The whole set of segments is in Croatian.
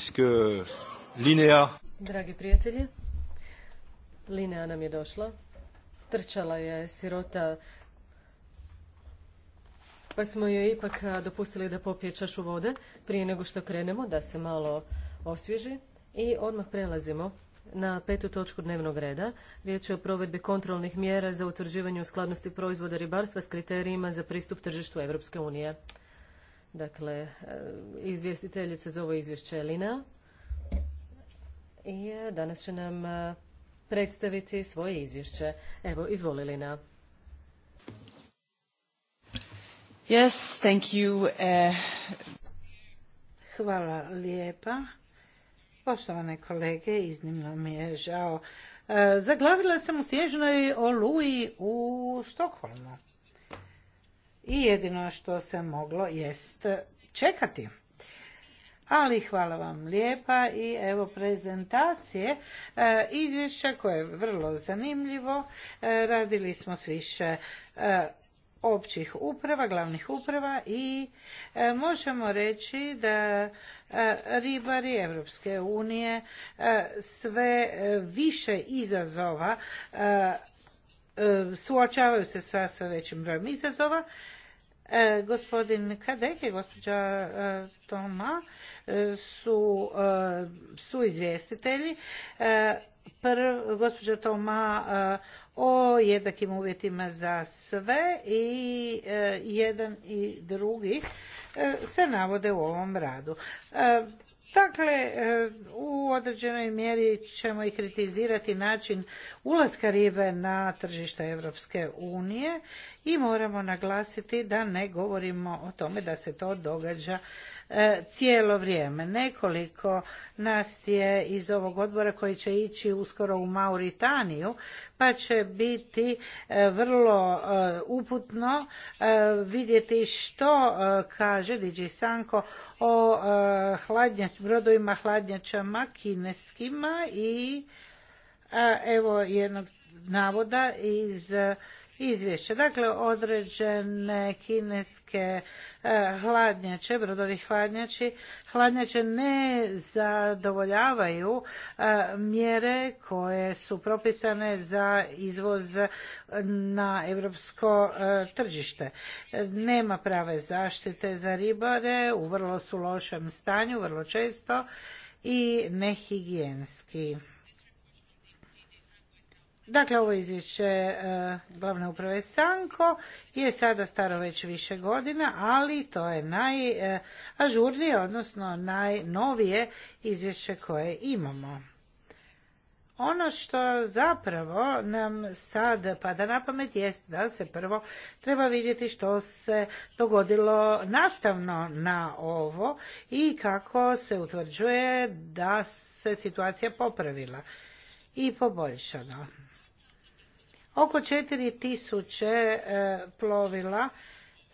puisque Linea... Dragi prijatelji, Linea nam je došla. Trčala je sirota, pa smo joj ipak dopustili da popije čašu vode prije nego što krenemo, da se malo osvježi. I odmah prelazimo na petu točku dnevnog reda. Riječ je o provedbi kontrolnih mjera za utvrđivanje skladnosti proizvoda ribarstva s kriterijima za pristup tržištu Europske unije. Dakle, e, izvjestiteljice za ovo izvješće je Lina i e, danas će nam e, predstaviti svoje izvješće. Evo, izvoli Lina. Yes, Hvala lijepa. Poštovane kolege, iznimno mi je žao. zaglavila sam u snježnoj oluji u Štokholmu i jedino što se moglo jest čekati. Ali hvala vam lijepa i evo prezentacije e, izvješća koje je vrlo zanimljivo. E, radili smo s više e, općih uprava, glavnih uprava i e, možemo reći da ribari Europske unije sve više izazova E, suočavaju se sa sve većim brojem izazova. E, gospodin Kadek i gospođa e, Toma su, izvjestitelji. Prv, gospođa Toma o jednakim uvjetima za sve i jedan i drugi se navode u ovom radu. Dakle, e, u određenoj mjeri ćemo i kritizirati način ulaska ribe na tržište Europske unije i moramo naglasiti da ne govorimo o tome da se to događa E, cijelo vrijeme. Nekoliko nas je iz ovog odbora koji će ići uskoro u Mauritaniju, pa će biti e, vrlo e, uputno vidjeti što kaže Diđi Sanko o hladnjač, brodovima hladnjačama kineskima i evo jednog navoda iz izvješće. Dakle, određene kineske e, hladnjače, brodovi hladnjači, hladnjače ne zadovoljavaju e, mjere koje su propisane za izvoz na europsko e, tržište. Nema prave zaštite za ribare, u vrlo su lošem stanju, vrlo često i nehigijenski. Dakle, ovo izvješće e, glavne uprave Sanko je sada staro već više godina, ali to je najažurnije, e, odnosno najnovije izvješće koje imamo. Ono što zapravo nam sad pada na pamet jest da se prvo treba vidjeti što se dogodilo nastavno na ovo i kako se utvrđuje da se situacija popravila i poboljšala. Oko 4000 e, plovila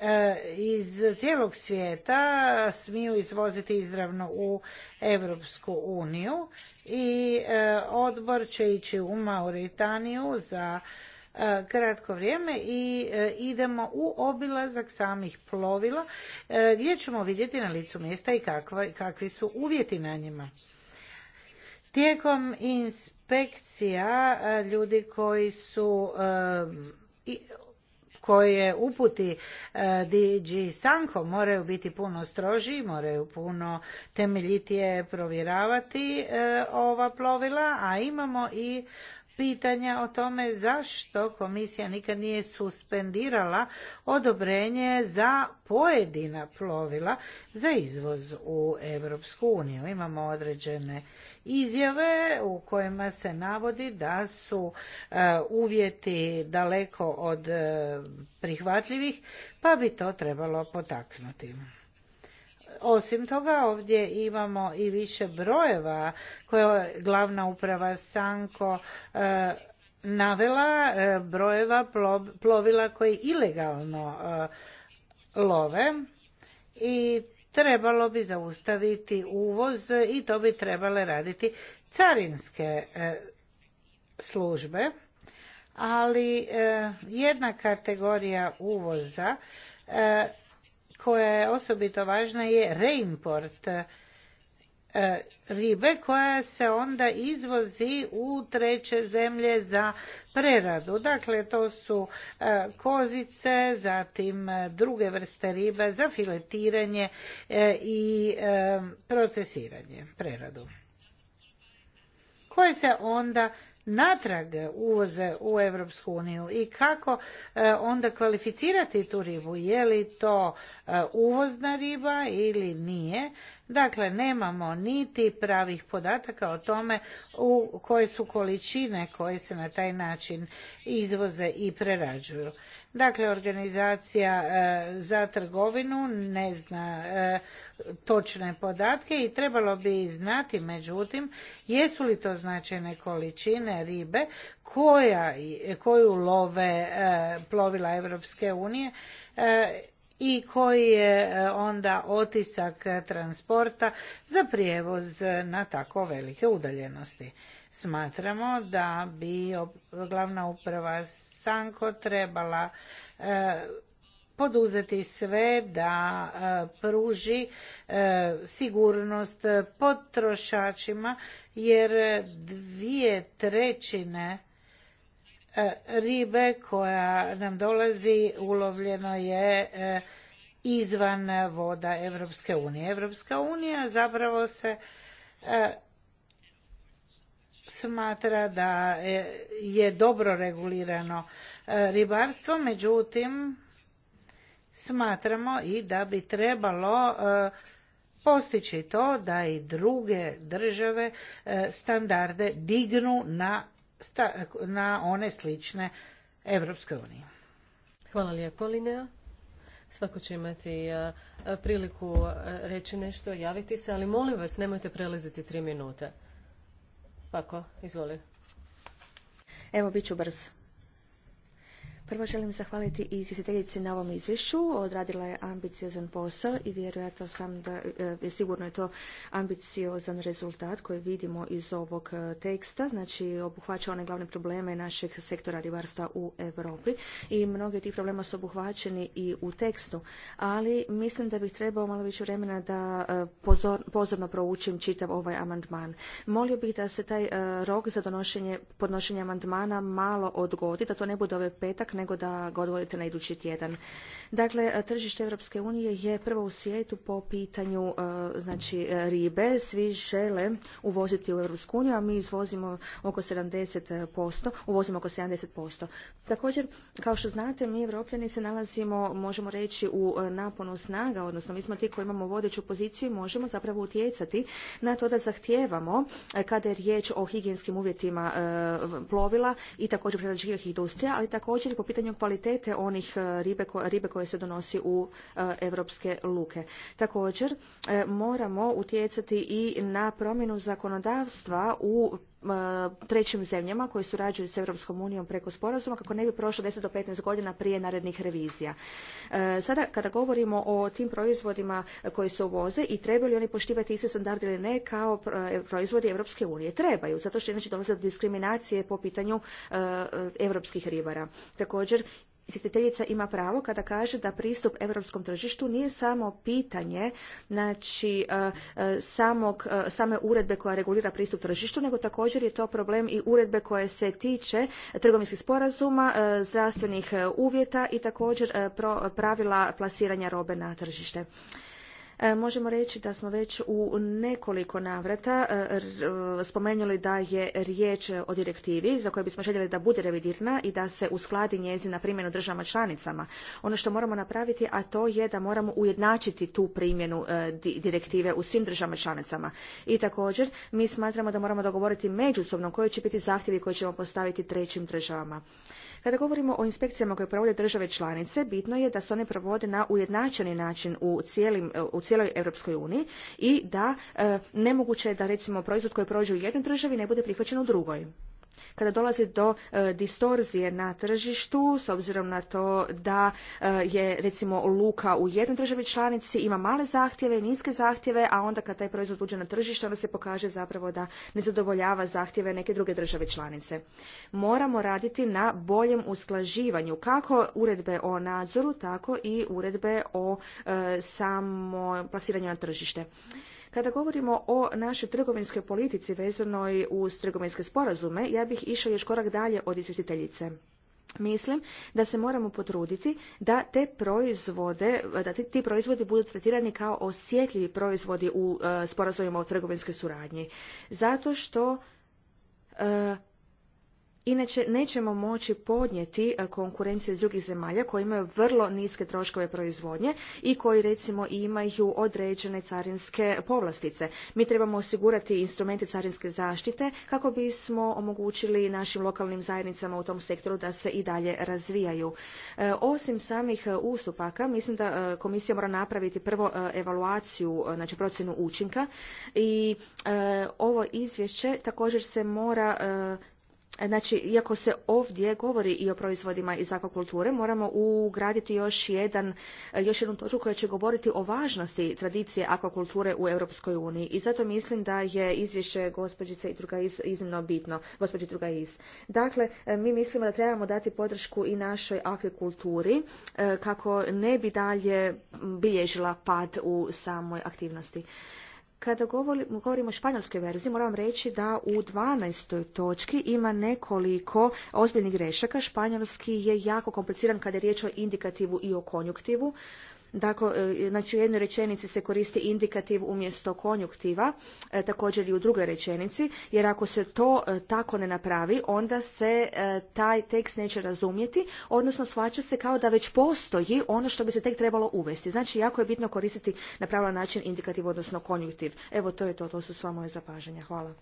e, iz cijelog svijeta smiju izvoziti izravno u Europsku uniju i e, odbor će ići u Mauritaniju za kratko vrijeme i idemo u obilazak samih plovila gdje ćemo vidjeti na licu mjesta i kakvi su uvjeti na njima. Tijekom inspekcije inspekcija e, ljudi koji su e, koje uputi e, DG Sanko moraju biti puno stroži, moraju puno temeljitije provjeravati ova plovila, a imamo i pitanja o tome zašto komisija nikad nije suspendirala odobrenje za pojedina plovila za izvoz u Europsku uniju. Imamo određene izjave u kojima se navodi da su e, uvjeti daleko od e, prihvatljivih, pa bi to trebalo potaknuti. Osim toga, ovdje imamo i više brojeva koje je glavna uprava Sanko e, navela, brojeva plovila koji ilegalno love i trebalo bi zaustaviti uvoz i to bi trebale raditi carinske e, službe ali e, jedna kategorija uvoza e, koja je osobito važna je reimport E, ribe koja se onda izvozi u treće zemlje za preradu. Dakle, to su e, kozice, zatim e, druge vrste ribe za filetiranje i procesiranje, preradu koje se onda natrag uvoze u Europsku uniju i kako e, onda kvalificirati tu ribu, je li to e, uvozna riba ili nije. Dakle, nemamo niti pravih podataka o tome u koje su količine koje se na taj način izvoze i prerađuju. Dakle, organizacija e, za trgovinu ne zna e, točne podatke i trebalo bi znati, međutim, jesu li to značajne količine ribe koja, koju love e, plovila Europske unije i koji je onda otisak transporta za prijevoz na tako velike udaljenosti. Smatramo da bi glavna uprava Sanko trebala e, poduzeti sve da e, pruži e, sigurnost potrošačima jer dvije trećine ribe koja nam dolazi ulovljeno je izvan voda Europske unije. Europska unija zapravo se smatra da je dobro regulirano e, ribarstvo, međutim smatramo i da bi trebalo e, postići to da i druge države e, standarde dignu na, one slične Evropskoj uniji. Hvala lijepo, Linea. Svako će imati priliku reći nešto, javiti se, ali molim vas, nemojte prelaziti tri minute. Pako, izvoli. Evo, bit ću brz. Prvo želim zahvaliti i izvjestiteljici na ovom izvješću. Odradila je ambiciozan posao i vjerojatno sam da je sigurno je to ambiciozan rezultat koji vidimo iz ovog e, teksta. Znači obuhvaća one glavne probleme našeg sektora ribarstva u Europi i mnogi od tih problema su obuhvaćeni i u tekstu. Ali mislim da bih trebao malo više vremena da e, pozorno proučim čitav ovaj amandman. Molio bih da se taj e, rok za donošenje, podnošenje amandmana malo odgodi, da to ne bude ovaj petak nego da ga odvojite na idući tjedan. Dakle, tržište Europske unije je prvo u svijetu po pitanju e, znači, ribe. Svi žele uvoziti u Europsku uniju, a mi izvozimo oko 70%, uvozimo oko 70%. Također, kao što znate, mi Evropljani se nalazimo, možemo reći, u e, naponu snaga, odnosno mi smo ti koji imamo vodeću poziciju i možemo zapravo utjecati na to da zahtijevamo e, kada je riječ o higijenskim uvjetima plovila i također prerađivih industrija, ali također i po pitanju kvalitete onih e, ribe, ribe koje se donosi u europske luke. Također e, moramo utjecati i na promjenu zakonodavstva u trećim zemljama koji surađuju s Europskom unijom preko sporazuma kako ne bi prošlo 10 do 15 godina prije narednih revizija. E, sada kada govorimo o tim proizvodima koji se uvoze i trebaju li oni poštivati iste standarde ili ne kao e, proizvodi Europske unije? Trebaju, zato što inače dolazi do diskriminacije po pitanju e, europskih ribara. Također Izvjetiteljica ima pravo kada kaže da pristup europskom tržištu nije samo pitanje znači, e, e, samog, e, same uredbe koja regulira pristup tržištu, nego također je to problem i uredbe koje se tiče trgovinskih sporazuma, zdravstvenih uvjeta i također pravila plasiranja robe na tržište. E, možemo reći da smo već u nekoliko navrata e, spomenuli da je riječ o direktivi za koju bismo željeli da bude revidirana i da se uskladi njezina primjena državama članicama. Ono što moramo napraviti, a to je da moramo ujednačiti tu primjenu e, direktive u svim državama članicama. I također, mi smatramo da moramo dogovoriti međusobno koji će biti zahtjevi koje ćemo postaviti trećim državama. Kada govorimo o inspekcijama koje provode države članice, bitno je da se one provode na ujednačeni način u, cijelim, u cijeloj Europskoj uniji i da e, nemoguće je da recimo proizvod koji prođe u jednoj državi ne bude prihvaćen u drugoj kada dolazi do e, distorzije na tržištu, s obzirom na to da e, je recimo luka u jednoj državi članici ima male zahtjeve, niske zahtjeve, a onda kad taj proizvod uđe na tržište, onda se pokaže zapravo da ne zadovoljava zahtjeve neke druge države članice. Moramo raditi na boljem usklaživanju kako uredbe o nadzoru, tako i uredbe o e, samo plasiranju na tržište. Kada govorimo o našoj trgovinskoj politici vezanoj uz trgovinske sporazume, ja bih išao još korak dalje od izvjestiteljice. Mislim da se moramo potruditi da te proizvode, da ti, proizvodi budu tretirani kao osjetljivi proizvodi u e, sporazumima o trgovinskoj suradnji. Zato što e, Inače, nećemo moći podnijeti e, konkurenciju iz drugih zemalja koji imaju vrlo niske troškove proizvodnje i koji recimo imaju određene carinske povlastice. Mi trebamo osigurati instrumente carinske zaštite kako bismo omogućili našim lokalnim zajednicama u tom sektoru da se i dalje razvijaju. E, osim samih e, usupaka, mislim da komisija mora napraviti prvo evaluaciju, znači procjenu učinka i ovo izvješće također se mora Znači, iako se ovdje govori i o proizvodima iz akvakulture, moramo ugraditi još, jedan, još jednu točku koja će govoriti o važnosti tradicije akvakulture u Europskoj uniji. I zato mislim da je izvješće gospođice iz iznimno bitno, gospođi iz Dakle, mi mislimo da trebamo dati podršku i našoj akvakulturi e, kako ne bi dalje bilježila pad u samoj aktivnosti. Kada govorimo o španjolskoj verziji, moram reći da u 12. točki ima nekoliko ozbiljnih grešaka. Španjolski je jako kompliciran kada je riječ o indikativu i o konjuktivu. Dakle, e, znači u jednoj rečenici se koristi indikativ umjesto konjuktiva, e, također i u drugoj rečenici, jer ako se to e, tako ne napravi, onda se taj tekst neće razumjeti, odnosno shvaća se kao da već postoji ono što bi se tek trebalo uvesti. Znači, jako je bitno koristiti na pravilan način indikativ, odnosno konjuktiv. Evo, to je to, to su sva moje zapažanja. Hvala.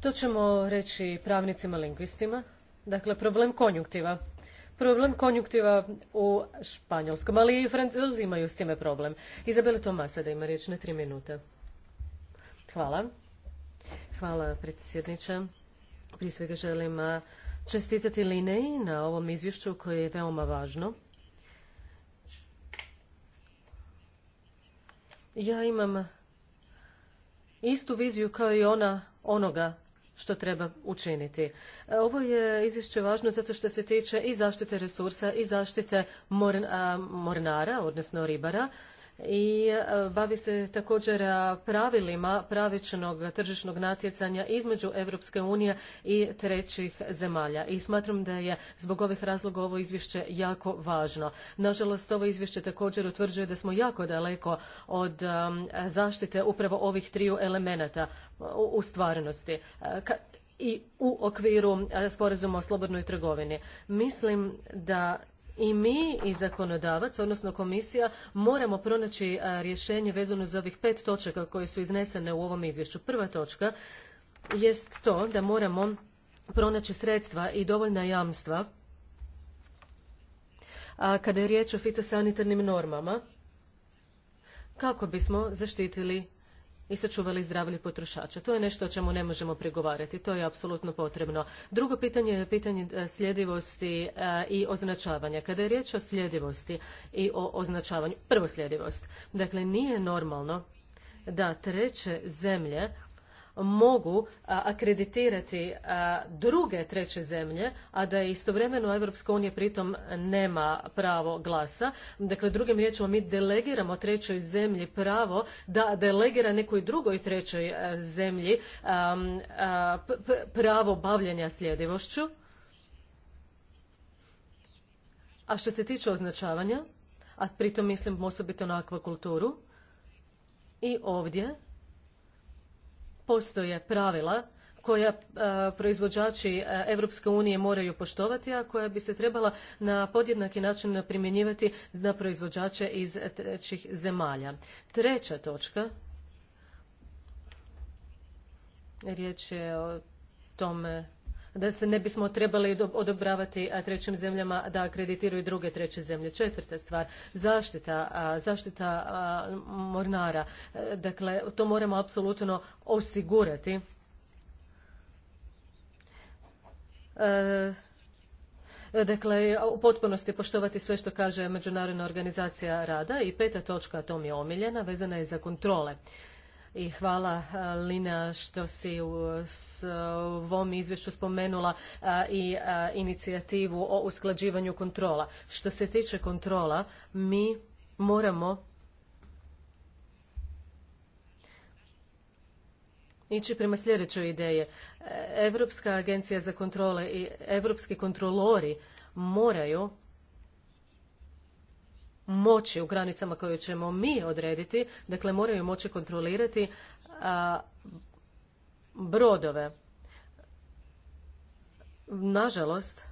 to ćemo reći pravnicima lingvistima. Dakle, problem konjuktiva problem konjuktiva u španjolskom, ali i francuzi imaju s time problem. Izabela Tomasa da ima riječ na tri minute. Hvala. Hvala predsjedniče. Prije svega želim čestitati Lineji na ovom izvješću koje je veoma važno. Ja imam istu viziju kao i ona onoga što treba učiniti. E, ovo je izvješće važno zato što se tiče i zaštite resursa i zaštite mornara, odnosno ribara, i e, bavi se također e, pravilima pravičnog tržišnog natjecanja između Europske unije i trećih zemalja. I smatram da je zbog ovih razloga ovo izvješće jako važno. Nažalost, ovo izvješće također utvrđuje da smo jako daleko od e, zaštite upravo ovih triju elemenata u stvarnosti i u okviru sporazuma o slobodnoj trgovini. Mislim da i mi i zakonodavac, odnosno komisija, moramo pronaći e, rješenje vezano za ovih pet točaka koje su iznesene u ovom izvješću. Prva točka jest to da moramo pronaći sredstva i dovoljna jamstva a, kada je riječ o fitosanitarnim normama kako bismo zaštitili i sačuvali zdravlje potrošača. To je nešto o čemu ne možemo prigovarati, to je apsolutno potrebno. Drugo pitanje je pitanje e, sljedivosti e, i označavanja. Kada je riječ o sljedivosti i o označavanju, prvo sljedivost. Dakle, nije normalno da treće zemlje mogu akreditirati druge treće zemlje, a da istovremeno istovremeno Europska unija pritom nema pravo glasa. Dakle, drugim riječima mi delegiramo trećoj zemlji pravo da delegira nekoj drugoj trećoj zemlji pravo bavljenja sljedivošću. A što se tiče označavanja, a pritom mislim osobito na akvakulturu, i ovdje Postoje pravila koja e, proizvođači Europske unije moraju poštovati, a koja bi se trebala na podjednaki način primjenjivati na proizvođače iz trećih zemalja. Treća točka, riječ je o tome da se ne bismo trebali odobravati trećim zemljama da kreditiraju druge treće zemlje. Četvrta stvar, zaštita, zaštita mornara. E, dakle, to moramo apsolutno osigurati. E, dakle u potpunosti poštovati sve što kaže međunarodna organizacija rada i peta točka a to mi je omiljena vezana je za kontrole i hvala eh, Lina što si u ovom izvješću spomenula eh, i eh, inicijativu o usklađivanju kontrola. Što se tiče kontrola, mi moramo ići prema sljedećoj ideje. Europska agencija za kontrole i europski kontrolori moraju moći u granicama koje ćemo mi odrediti, dakle moraju moći kontrolirati brodove. Nažalost,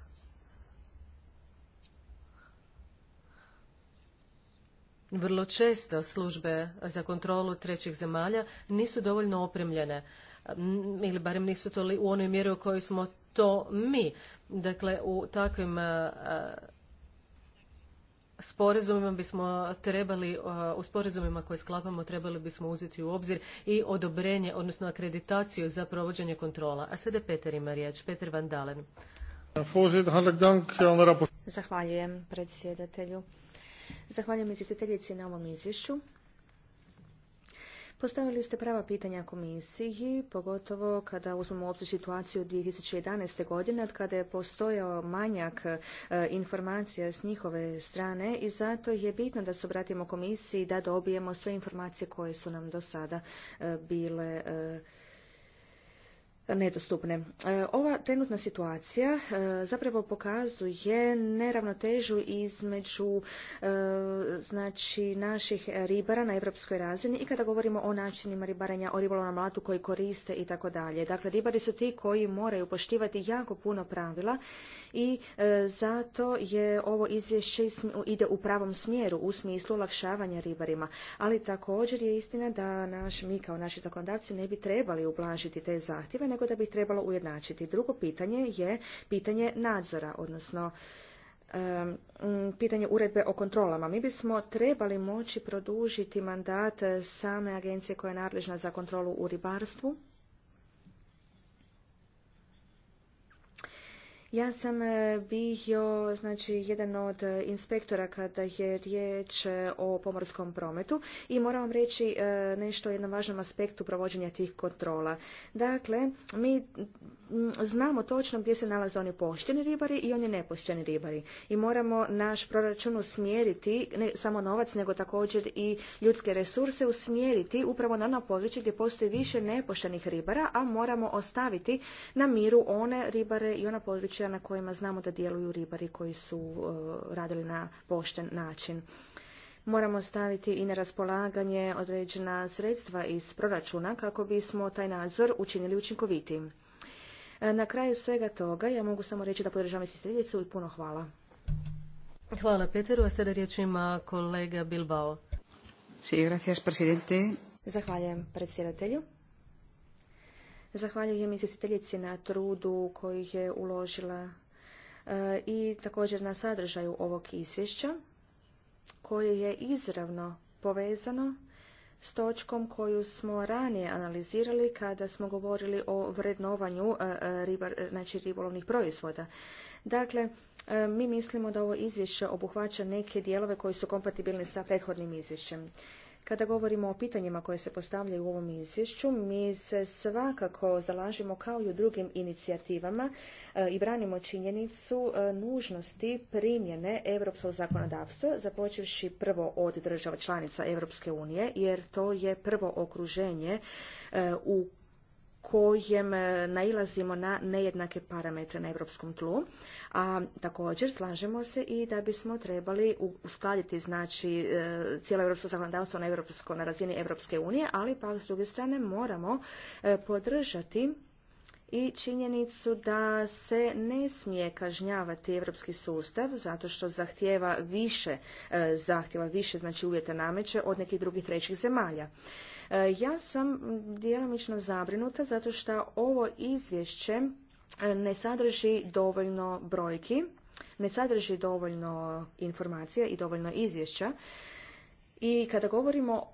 vrlo često službe za kontrolu trećih zemalja nisu dovoljno opremljene ili barem nisu to u onoj mjeri u kojoj smo to mi. Dakle, u takvim sporazumima bismo trebali, e, u sporazumima koje sklapamo trebali bismo uzeti u obzir i odobrenje, odnosno akreditaciju za provođenje kontrola. A sada Peter ima riječ, Peter Van Dalen. Eh, Zahvaljujem predsjedatelju. Zahvaljujem izvjestiteljici na ovom izvješću. Postavili ste prava pitanja komisiji, pogotovo kada uzmemo u obzir situaciju 2011. godine, od kada je postojao manjak e, informacija s njihove strane i zato je bitno da se obratimo komisiji da dobijemo sve informacije koje su nam do sada e, bile e, nedostupne. E, ova trenutna situacija e, zapravo pokazuje neravnotežu između e, znači naših ribara na europskoj razini i kada govorimo o načinima ribaranja, o ribolovnom alatu koji koriste i tako dalje. Dakle, ribari su ti koji moraju poštivati jako puno pravila i e, zato je ovo izvješće ide u pravom smjeru u smislu olakšavanja ribarima. Ali također je istina da naš, mi kao naši zakonodavci ne bi trebali ublažiti te zahtjeve, nego da bi ih trebalo ujednačiti. Drugo pitanje je pitanje nadzora, odnosno e, pitanje uredbe o kontrolama. Mi bismo trebali moći produžiti mandat same agencije koja je nadležna za kontrolu u ribarstvu Ja sam e, bio znači, jedan od e, inspektora kada je riječ e, o pomorskom prometu i moram vam reći nešto o jednom važnom aspektu provođenja tih kontrola. Dakle, mi znamo točno gdje se nalaze oni pošteni ribari i oni nepošteni ribari. I moramo naš proračun usmjeriti, ne samo novac, nego također i ljudske resurse usmjeriti upravo na ono područje gdje postoji više nepoštenih ribara, a moramo ostaviti na miru one ribare i ona područja područja na kojima znamo da djeluju ribari koji su e, radili na pošten način. Moramo staviti i na raspolaganje određena sredstva iz proračuna kako bismo taj nadzor učinili učinkovitim. E, na kraju svega toga ja mogu samo reći da podržavam izvjestiteljicu i puno hvala. Hvala Peteru, a sada riječ ima kolega Bilbao. Sí, gracias, Zahvaljujem predsjedatelju. Zahvaljujem izvjestiteljici na trudu koji je uložila e, i također na sadržaju ovog izvješća koje je izravno povezano s točkom koju smo ranije analizirali kada smo govorili o vrednovanju e, e, znači ribolovnih proizvoda. Dakle, mi mislimo da ovo izvješće obuhvaća neke dijelove koji su kompatibilni sa prethodnim izvješćem. Kada govorimo o pitanjima koje se postavljaju u ovom izvješću, mi se svakako zalažemo kao i u drugim inicijativama e, i branimo činjenicu e, nužnosti primjene europskog zakonodavstva, započevši prvo od država članica Europske unije, jer to je prvo okruženje e, u kojem e, nailazimo na nejednake parametre na europskom tlu, a također slažemo se i da bismo trebali uskladiti znači e, cijelo europsko zakonodavstvo na europsko na razini Europske unije, ali pa s druge strane moramo e, podržati i činjenicu da se ne smije kažnjavati europski sustav zato što zahtjeva više e, zahtjeva, više znači uvjeta nameće od nekih drugih trećih zemalja. E, ja sam djelomično zabrinuta zato što ovo izvješće e, ne sadrži dovoljno brojki, ne sadrži dovoljno informacija i dovoljno izvješća. I kada govorimo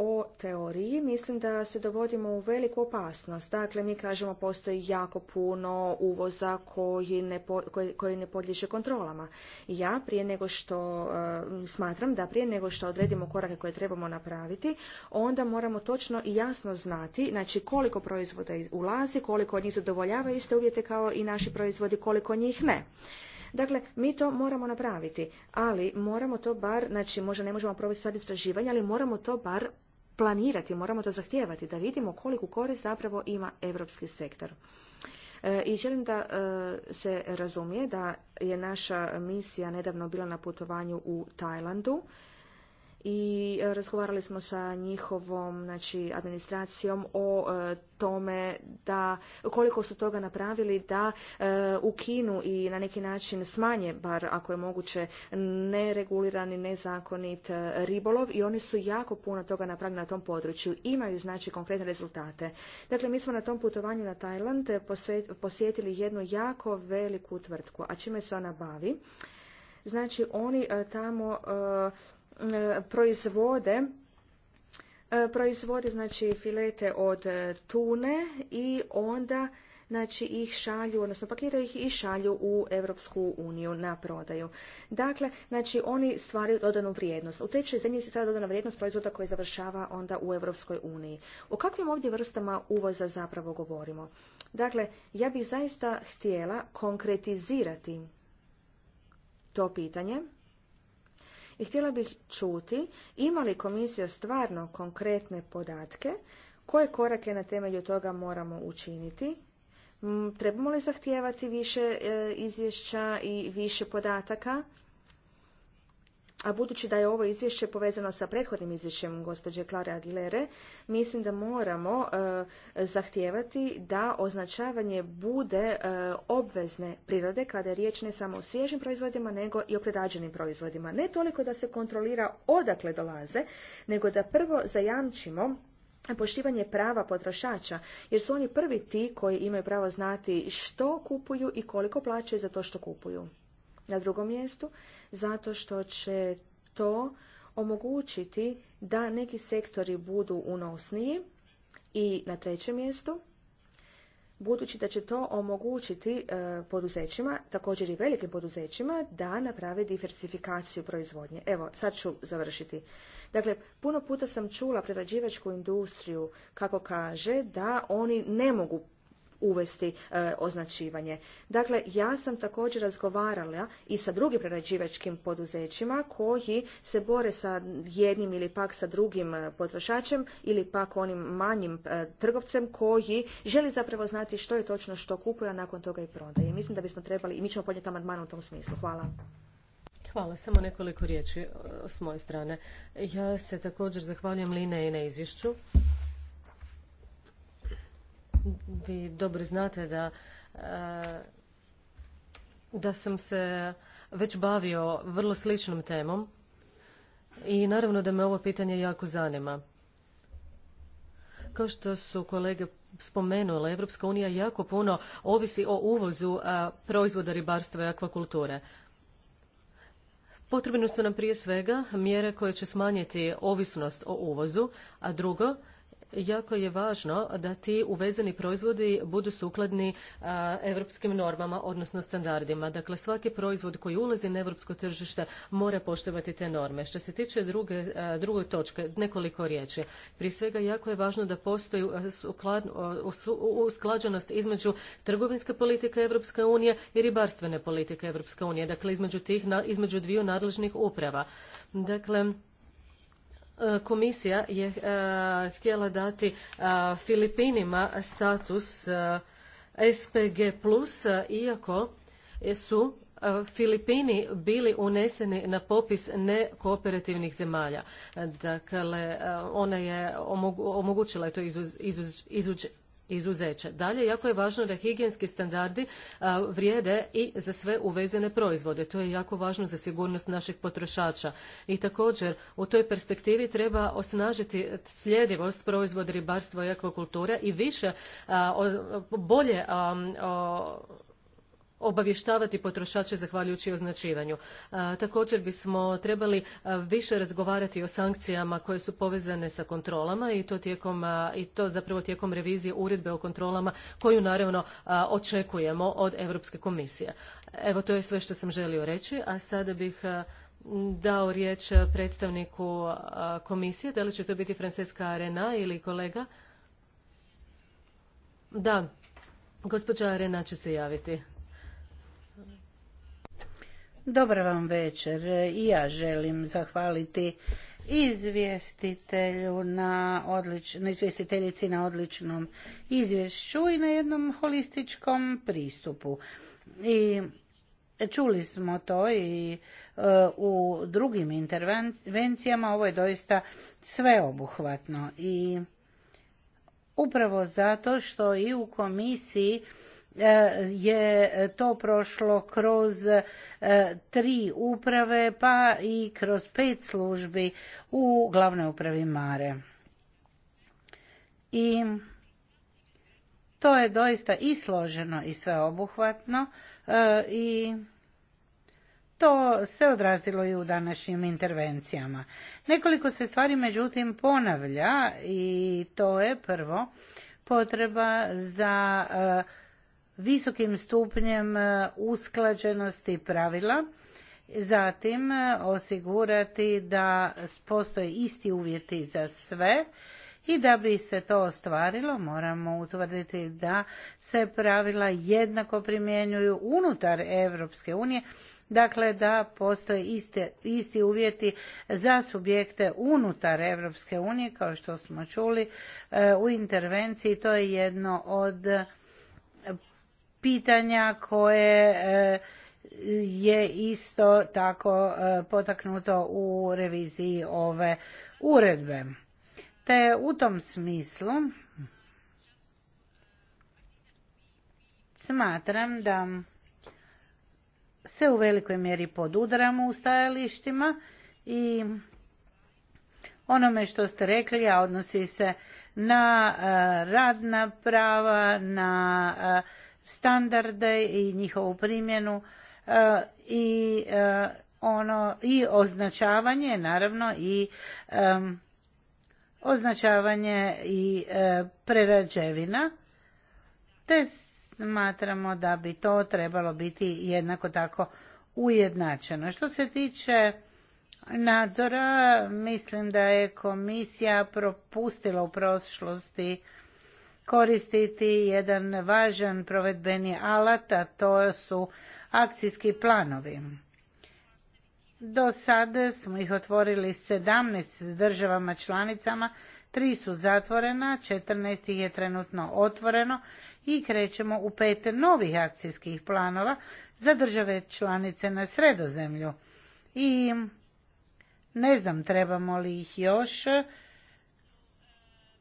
o teoriji, mislim da se dovodimo u veliku opasnost. Dakle, mi kažemo postoji jako puno uvoza koji ne, po, koji, ne podliježe kontrolama. Ja prije nego što e, smatram da prije nego što odredimo korake koje trebamo napraviti, onda moramo točno i jasno znati znači koliko proizvoda ulazi, koliko od njih zadovoljava iste uvjete kao i naši proizvodi, koliko njih ne. Dakle, mi to moramo napraviti, ali moramo to bar, znači možda ne možemo provesti sad istraživanje, ali moramo to bar planirati, moramo to zahtijevati, da vidimo koliku korist zapravo ima europski sektor. E, I želim da e, se razumije da je naša misija nedavno bila na putovanju u Tajlandu i e, razgovarali smo sa njihovom znači, administracijom o e, tome da koliko su toga napravili da e, ukinu i na neki način smanje, bar ako je moguće, neregulirani, nezakonit ribolov i oni su jako puno toga napravili na tom području. Imaju znači konkretne rezultate. Dakle, mi smo na tom putovanju na Tajland posjetili jednu jako veliku tvrtku, a čime se ona bavi? Znači, oni tamo proizvode e, proizvode znači filete od e, tune i onda znači ih šalju, odnosno pakiraju ih i šalju u Europsku uniju na prodaju. Dakle, znači oni stvaraju dodanu vrijednost. U trećoj zemlji se sada dodana vrijednost proizvoda koji završava onda u Europskoj uniji. O kakvim ovdje vrstama uvoza zapravo govorimo? Dakle, ja bih zaista htjela konkretizirati to pitanje i htjela bih čuti ima li komisija stvarno konkretne podatke, koje korake na temelju toga moramo učiniti, trebamo li zahtijevati više e, izvješća i više podataka, a budući da je ovo izvješće povezano sa prethodnim izvješćem gospođe Klare Aguilere, mislim da moramo e, zahtijevati da označavanje bude e, obvezne prirode kada je riječ ne samo o svježim proizvodima, nego i o prerađenim proizvodima. Ne toliko da se kontrolira odakle dolaze, nego da prvo zajamčimo poštivanje prava potrošača, jer su oni prvi ti koji imaju pravo znati što kupuju i koliko plaćaju za to što kupuju na drugom mjestu, zato što će to omogućiti da neki sektori budu unosniji i na trećem mjestu, budući da će to omogućiti e, poduzećima, također i velikim poduzećima, da naprave diversifikaciju proizvodnje. Evo, sad ću završiti. Dakle, puno puta sam čula prerađivačku industriju kako kaže da oni ne mogu uvesti e, označivanje. Dakle, ja sam također razgovarala i sa drugim prerađivačkim poduzećima koji se bore sa jednim ili pak sa drugim e, potrošačem ili pak onim manjim e, trgovcem koji želi zapravo znati što je točno što kupuje, a nakon toga i prodaje. Mislim da bismo trebali, i mi ćemo podnijeti amandman u tom smislu. Hvala. Hvala. Samo nekoliko riječi s moje strane. Ja se također zahvaljujem Line i na izvješću vi dobro znate da eh, da sam se već bavio vrlo sličnom temom i naravno da me ovo pitanje jako zanima. Kao što su kolege spomenule, Evropska unija jako puno ovisi o uvozu eh, proizvoda ribarstva i akvakulture. Potrebne su nam prije svega mjere koje će smanjiti ovisnost o uvozu, a drugo, jako je važno da ti uvezeni proizvodi budu sukladni europskim normama, odnosno standardima. Dakle, svaki proizvod koji ulazi na europsko tržište mora poštovati te norme. Što se tiče druge, točke, nekoliko riječi. Prije svega, jako je važno da postoji usklađenost između trgovinske politike Evropske unije i ribarstvene politike Evropske unije. Dakle, između, tih, između dviju nadležnih uprava. Dakle, E, komisija je e, htjela dati e, Filipinima status SPG+, iako su Filipini bili uneseni na popis nekooperativnih zemalja. Dakle, ona je omogućila je to izuz, izuzeće. Dalje, jako je važno da higijenski standardi vrijede i za sve uvezene proizvode. To je jako važno za sigurnost naših potrošača. I također, u toj perspektivi treba osnažiti sljedivost proizvoda ribarstva i akvakulture i više, bolje obavještavati potrošače zahvaljujući označivanju. također bismo trebali više razgovarati o sankcijama koje su povezane sa kontrolama i to tijekom i to zapravo tijekom revizije uredbe o kontrolama koju naravno očekujemo od Europske komisije. Evo to je sve što sam želio reći, a sada bih dao riječ predstavniku komisije. Da li će to biti Francesca Arena ili kolega? Da, gospođa Arena će se javiti. Dobar vam večer. I ja želim zahvaliti izvjestitelju na, odlično izvjestiteljici na odličnom izvješću i na jednom holističkom pristupu. I čuli smo to i e, u drugim intervencijama ovo je doista sveobuhvatno i upravo zato što i u komisiji Eh, je to prošlo kroz eh, tri uprave pa i kroz pet službi u glavnoj upravi Mare. I to je doista i složeno i sveobuhvatno eh, i to se odrazilo i u današnjim intervencijama. Nekoliko se stvari međutim ponavlja i to je prvo potreba za visokim stupnjem e, usklađenosti pravila, zatim e, osigurati da postoje isti uvjeti za sve i da bi se to ostvarilo moramo utvrditi da se pravila jednako primjenjuju unutar Europske unije, dakle da postoje isti uvjeti za subjekte unutar Europske unije, kao što smo čuli e, u intervenciji, to je jedno od pitanja koje eh, je isto tako eh, potaknuto u reviziji ove uredbe. Te u tom smislu smatram da se u velikoj mjeri podudaramo u stajalištima i onome što ste rekli, a odnosi se na eh, radna prava, na standarde i njihovu primjenu e, i e, ono i označavanje naravno i e, označavanje i prerađevina te smatramo da bi to trebalo biti jednako tako ujednačeno što se tiče nadzora mislim da je komisija propustila u prošlosti koristiti jedan važan provedbeni alat, a to su akcijski planovi. Do sada smo ih otvorili 17 državama članicama, tri su zatvorena, 14 ih je trenutno otvoreno i krećemo u pet novih akcijskih planova za države članice na sredozemlju. I ne znam trebamo li ih još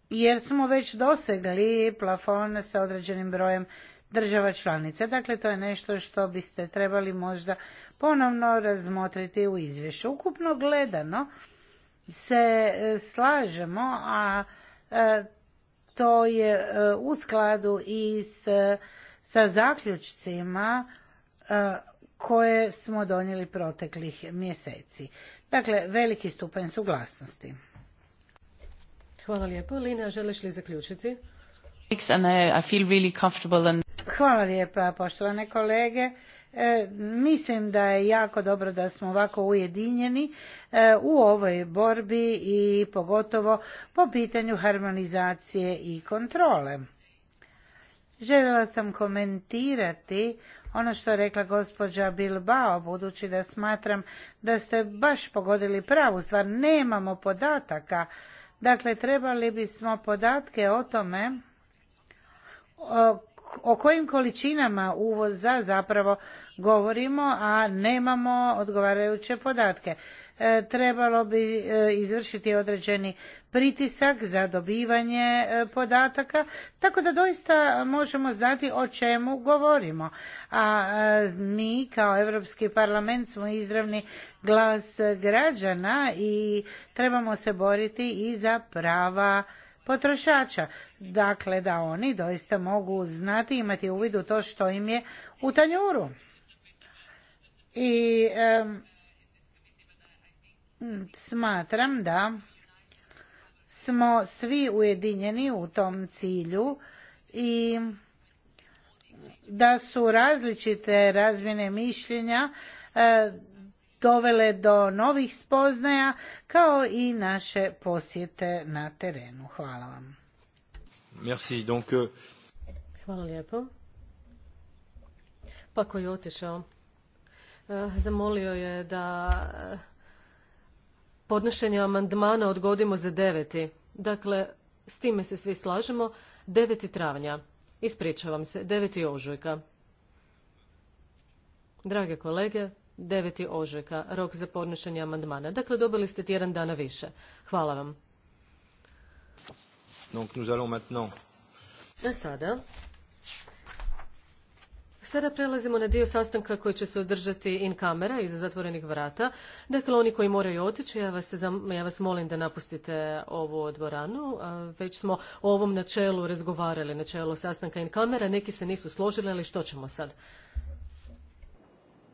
jer smo već dosegli plafon sa određenim brojem država članica. Dakle, to je nešto što biste trebali možda ponovno razmotriti u izvješću. Ukupno gledano se e, slažemo, a e, to je e, u skladu i sa zaključcima koje smo donijeli proteklih mjeseci. Dakle, veliki stupanj suglasnosti. Hvala lijepo. Lina, želiš li zaključiti? Hvala lijepa, poštovane kolege. E, mislim da je jako dobro da smo ovako ujedinjeni e, u ovoj borbi i pogotovo po pitanju harmonizacije i kontrole. Željela sam komentirati ono što je rekla gospođa Bilbao, budući da smatram da ste baš pogodili pravu stvar. Nemamo podataka Dakle, trebali bismo podatke o tome o kojim količinama uvoza zapravo govorimo, a nemamo odgovarajuće podatke. E, trebalo bi e, izvršiti određeni pritisak za dobivanje e, podataka, tako da doista možemo znati o čemu govorimo. A e, mi kao Europski parlament smo izravni glas građana i trebamo se boriti i za prava potrošača. Dakle, da oni doista mogu znati i imati uvid u to što im je u tanjuru. I smatram da smo svi ujedinjeni u tom cilju i da su različite razmjene mišljenja e, dovele do novih spoznaja kao i naše posjete na terenu. Hvala vam. Merci. Donc, euh, Hvala lijepo. Pa je otišao, e, zamolio je da podnošenje amandmana odgodimo za deveti. Dakle, s time se svi slažemo. Deveti travnja. Ispričavam se, Deveti ožujka. Drage kolege, deveti ožujka, rok za podnošenje amandmana. Dakle, dobili ste tjedan dana više. Hvala vam. Donc, nous allons maintenant... sada Sada prelazimo na dio sastanka koji će se održati in kamera iza zatvorenih vrata. Dakle, oni koji moraju otići, ja vas, ja vas molim da napustite ovu dvoranu. Već smo o ovom načelu razgovarali, načelu sastanka in kamera. Neki se nisu složili, ali što ćemo sad?